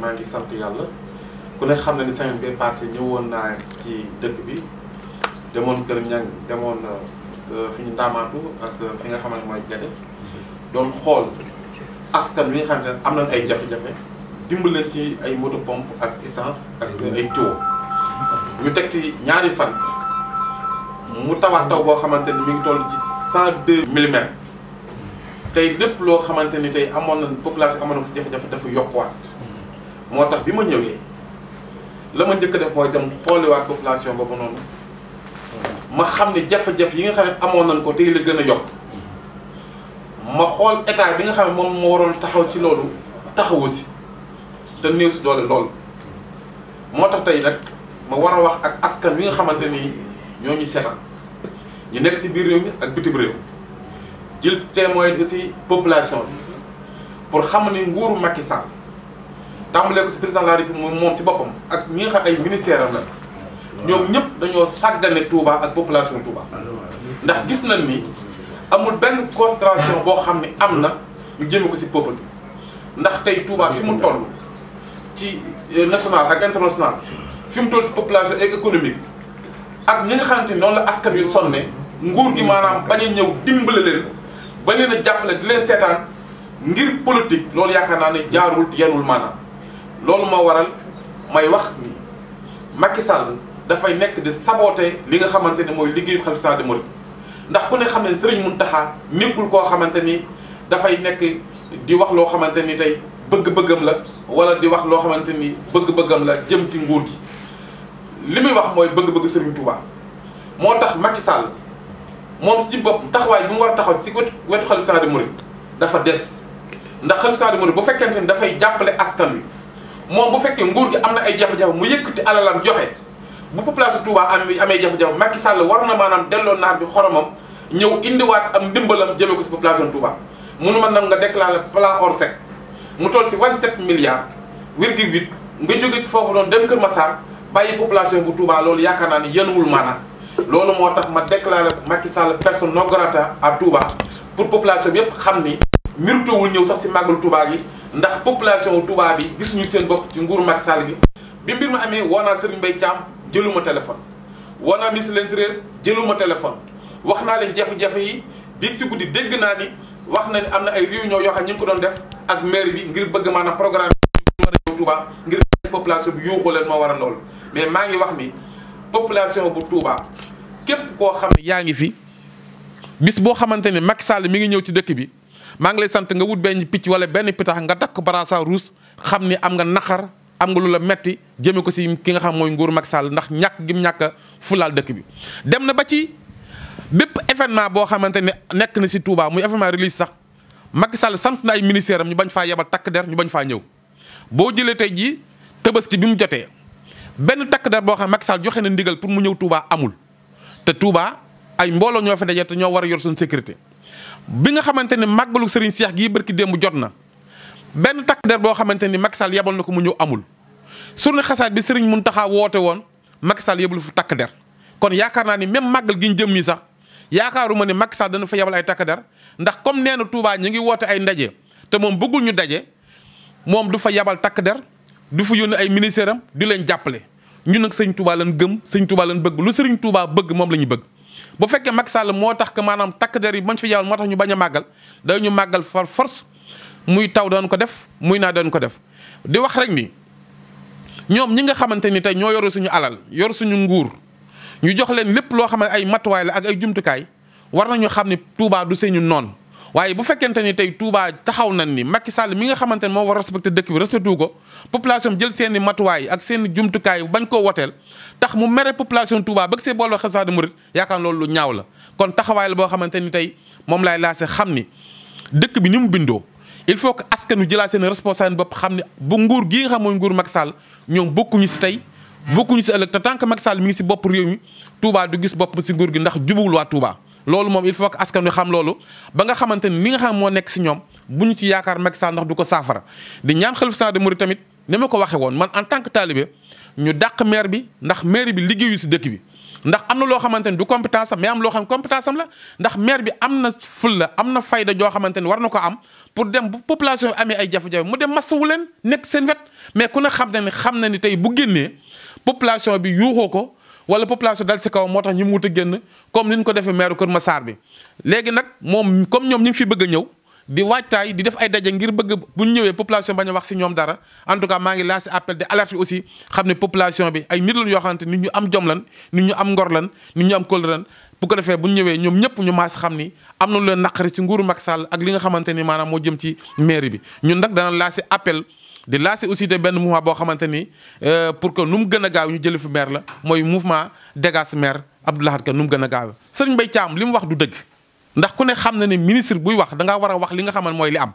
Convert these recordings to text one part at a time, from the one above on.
maa ngi sant yàlla ku ne xam na ni semaine bee passé ñëwoon naa ci dëkk bi demoon Kër Ñang demoon euh, fi ñu ndaamaatu ak euh, fi nga xamante mooy jade doon xool askan wi nga xam ne am nañ ay jafe-jafe dimbali leen ci ay moto pompe ak essence ak euh, ay tuyau ñu teg si ñaari fan mu tawaat taw boo xamante ni mi ngi toll ci cent deux millimètres tey lépp loo xamante ni tey amoon na population amoon na ko si jafe-jafe dafa yokkuwaat moo tax bi ma ñëwee la ma njëkk def mooy dem xooliwaat population boobu noonu mm-hmm. ma xam ne jafe-jafe yi nga xam ne amoon nañ ko tey la gën a yokk mm-hmm. ma xool état bi nga xam ne moom moo waroon taxaw ci loolu taxawu si te néew si doole lool mm-hmm. moo tax tey nag ma war a wax ak askan bi nga xamante ni ñoo ñu seetal ñu nekk si biir réew mi ak bitim réew jël témoin si population bi pour xam ne nguuru Macky Sall tàmbalee ko si président de la moom si boppam ak ñi nga xam ay ministère am la ñëpp dañoo sàggane Touba ak population Touba ndax gis nañ ni amul benn concentration boo xam ne am na ñu jëme ko si peuple bi ndax tey Touba fi mu toll ci euh, national ak international fi mu toll si population économique ak ñi nga xamante ni noonu la askan yu sonne nguur gi maanaam bañ ñëw dimbale leen ba leen a jàppale di leen seetaan ngir politique loolu yaakaar naa ne jaarul yarul maanaam loolu moo waral may wax ni Macky Sall dafay nekk di saboter li nga xamante ne mooy liggéeyu Khalife Sall de Mouride ndax ku ne xam ne sëriñ Serigne Mountakha nekkul koo xamante ni dafay nekk di wax loo xamante ni tey bëgg-bëggam la wala di wax loo xamante ni bëgg-bëggam la jëm si nguur gi li muy wax mooy bëgg-bëgg Serigne Touba moo tax makki Sall moom si bopp taxawaay bi mu war a taxaw si wetu wetu Khalife Sall de Mouride dafa des ndax Khalife Sall de Mouride bu fekkente ni dafay jàppale askan wi. moom bu fekkee nguur gi am na ay jafe-jafe mu yëkkati alalam joxe bu population Touba am amee jafe-jafe Macky Sall war na maanaam delloo naar bi xoromam ñëw indiwaat am ndimbalam jëme ko si population Touba munu ma nag nga déclaré or Orsec mu toll si 27 milliards virgule 8 nga jóge foofu noonu dem Kër Massar bàyyi population bu tuuba loolu yaakaar naa ni yenuwul maanaam loolu moo tax ma déclaré makki Sall personne non grata à Touba pour population bi yëpp xam ni mérituwul ñëw sax si màggalu Touba gi ndax population Touba bi gis ñu seen bopp ci nguur Macky Sall gi bi mbir ma amee woo naa Serigne Mbaye Thiam jëluma téléphone woo naa ministre de l'intérieur jëluma téléphone wax naa leen jafe-jafe yi biir si guddi dégg naa ni wax na ni am na ay réunion yoo xam ñu ngi ko doon def ak maire bi ngir bëgg maanaam programme bi war a ngir population bi yuuxoo leen moo war a lool mais maa ngi wax ni population bu tuubaa képp koo xam ne yaa ngi fi bis boo xamante ne Macky Sall mi ngi ñëw ci dëkk bi maa ngi lay sant nga wut benn picc wala benn pitax nga takk baraasa ruus xam ni am nga naqar am nga lu la metti jëme ko si ki nga xam mooy nguur Macky Sall ndax ñàkk gi mu ñàkk a fulaal dëkk bi. dem na ba ci bépp événement boo xamante ne nekk na si Touba muy événement religieux sax Macky Sall sant na ay ministère am ñu bañ faa yebal takk der ñu bañ faa ñëw boo jëlee tey jii Tabaski bi mu jotee benn takk der boo xam Macky Sall joxe na ndigal pour mu ñëw Touba amul te Touba ay mbooloo ñoo fa daje te ñoo war a yor suñu sécurité. bi nga xamante ne màggalu Serigne seex gii bërki démb jot na benn takk der boo xamante ni Macky Sall yebal na ko mu ñëw amul surne xasaat bi mun Mountakha woote woon Macky Sall lu fu takk der kon yaakaar naa ni même màggal gi ñu jëm nii sax yaakaaruma ne Macky Sall dana fa yebal ay takk der ndax comme nee na Touba ñu ngi woote ay ndaje te moom bëggul ñu daje moom du fa yebal takk der du fa yónni ay ministère am di leen jàppale ñun nag sëñ Touba lañ gëm sëñ Touba lañ bëgg lu sëriñ Touba bëgg moom la ñu bëgg. bu fekkee Macky Sall moo tax que maanaam takk der yi bañ fi yàlla moo tax ñu bañ a màggal ñu màggal par force muy taw doon ko def muy naa doon ko def di wax rek ni ñoom ñi nga xamante ni tey ñoo yoru suñu alal yor suñu nguur ñu jox leen lépp loo xam ne ay matuwaay la ak ay jumtukaay war na ñu xam ne Touba du seenu noonu. waaye bu fekkente ni tey Touba taxaw nañ ni Macky Sall mi nga xamante ne moo war respecté dëkk bi respecté wu ko population jël seeni i matuwaay ak seen jumtukaay bañ koo woteel tax mu mere population Touba bëgg see booloo Xasida Murid yaakaar loolu lu ñaaw la kon taxawaay boo xamante ni tey moom laay laase xam ni dëkk bi ni mu bindoo il faut que askanu jëlaa seen responsable bopp xam ne bu nguur gi nga xam mooy ñoom bokkuñu si tey bokkuñu si ëllëg que Macky Sall mi ngi si bopp réew mi Touba gis bopp si nguur gi ndax jubul waa Touba loolu moom il faut que askan wi xam loolu ba nga xamante ni li nga xam moo nekk si ñoom bu ñu ci yaakaar Macky Sall ndax du ko saafara di ñaan xalifa saa de Mouride tamit ni ma ko waxee woon man en tant que talibé ñu dàq maire bi ndax maire bi liggéeyu si dëkk bi. ndax am na loo xamante ni du compétence am am loo xam compétence am la ndax maire bi am na fulla am na fayda joo xamante ni war na ko am pour dem bu population amee ay jafe mu dem masawu leen nekk seen wet mais ku ne xam na ne xam na ni tey bu génnee population bi yuuxoo ko. wala population dal si kaw moo tax ñi mu wut a génn comme ni ñu ko defee maire Kër Massar bi léegi nag moom comme ñoom ñu ngi fi bëgg a ñëw di waajtaay di def ay daje ngir bëgg bu ñu ñëwee population bañ a wax si ñoom dara en tout cas maa ngi lancé appel de alerte aussi xam ne population bi ay nit lañ yoo xamante nit ñu am jom lan nit ñu am ngor lan nit ñu am kóllëre lan bu ko defee bu ñu ñëwee ñoom ñëpp ñu maas xam ni am na lu leen naqari ci nguuru mag Sall ak li nga xamante ni maanaam moo jëm ci mairie bi ñu nag dana lancé appel di lancé aussi de benn mouvement boo xamante ni euh, pour que nu mu gën gaaw ñu jëlee fi maire la mooy mouvement Dégage maire Abdou Lahad Ka nu mu gën a gaaw Serigne Mbaye Thiam li mu wax du dëgg ndax ku ne xam na ne ministre buy wax da war a wax li nga xam mooy li am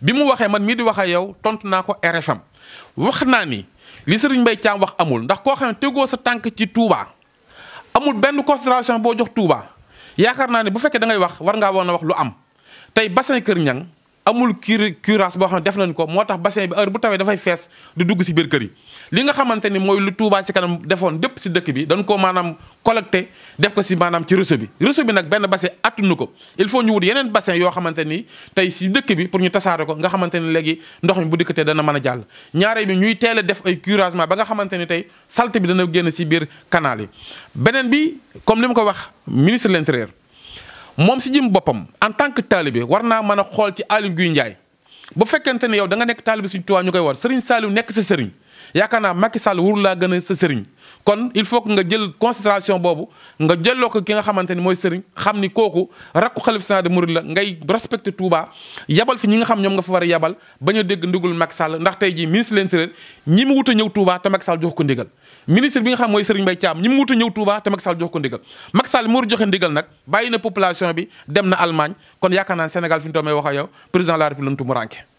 bi mu waxee man mii di wax ak yow tontu naa ko RFM wax naa ni li Serigne Mbaye Thiam wax amul ndax koo xam ne tegoo sa tànk ci Touba amul benn considération boo jox tuuba yaakaar naa ne bu fekkee da ngay wax war ngaa woon a wax lu am tey bassin Kër Niang amul cure curage boo xam ne def nañ ko moo tax bassin bi heure bu tawee dafay fees du dugg si biir kër yi li nga xamante ni mooy lu Touba si kanam defoon dépp si dëkk bi dañ ko maanaam collecté def ko si maanaam ci réseau bi réseau bi nag benn bassin attunu ko il faut ñu wut yeneen bassin yoo xamante ni tey si dëkk bi pour ñu tasaare ko nga xamante ni léegi ndox mi bu dikkatee dana mën a jàll ñaare bi ñuy teel def ay curagement ba nga xamante ni tey salte bi dana génn si biir canal yi beneen bi comme ni ma ko wax ministre de l'intérieur moom si jëm boppam en tant que taalibe war naa mën a xool ci àll Ngouille Ndiaye bu fekkente ne yow danga nekk taalibe Sëriñ Tuubaa ñu koy war Sëriñ Saliou nekk sa sëriñ yaakaar naa Macky Sall wur laa gën a sa sëriñ kon il faut que nga jël considération boobu nga jëlloo ko ki nga xamante ni mooy sëriñ xam ni kooku rakku xalif sana de murid la ngay respecté Touba yabal fi ñi nga xam ñoom nga fa war a yabal bañ a dégg ndigul Macky Sall ndax tey jii ministre de l'intérieur ñi mu wut a ñëw Touba te Macky Sall jox ko ndigal ministre bi nga xam mooy Serigne Mbaye Thiam mu wut ñëw Touba te Macky Sall jox ko ndigal Macky Sall mu joxe ndigal nag bàyyi na population bi dem na Allemagne kon yaakaar naa Sénégal fi ñu toomee wax président la République mu ranke